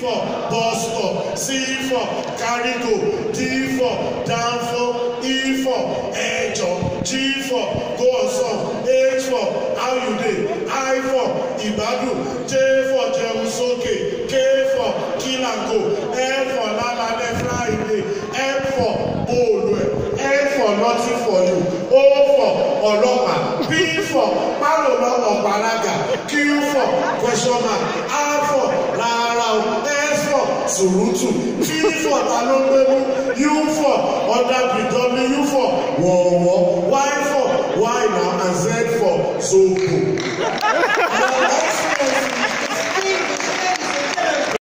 for bus stop C for carry D for Danfo, E for ẹjọ G for go H for Ayude, I for ìgbádùn J for jẹun K for kill L for lálálẹ́ Friday M for bóòlù N for nothing for you O for ọlọ́pàá P for Palo lọ́wọ́ gbalaga Q for question mark sùrùtù kírífọ̀ ta ló gbé mú yúfọ̀ ọ̀dà bìtọ́bí yúfọ̀ wọ̀ọ̀wọ̀ wáìfọ̀ wáìnà and zẹ́fọ̀ sóògùn.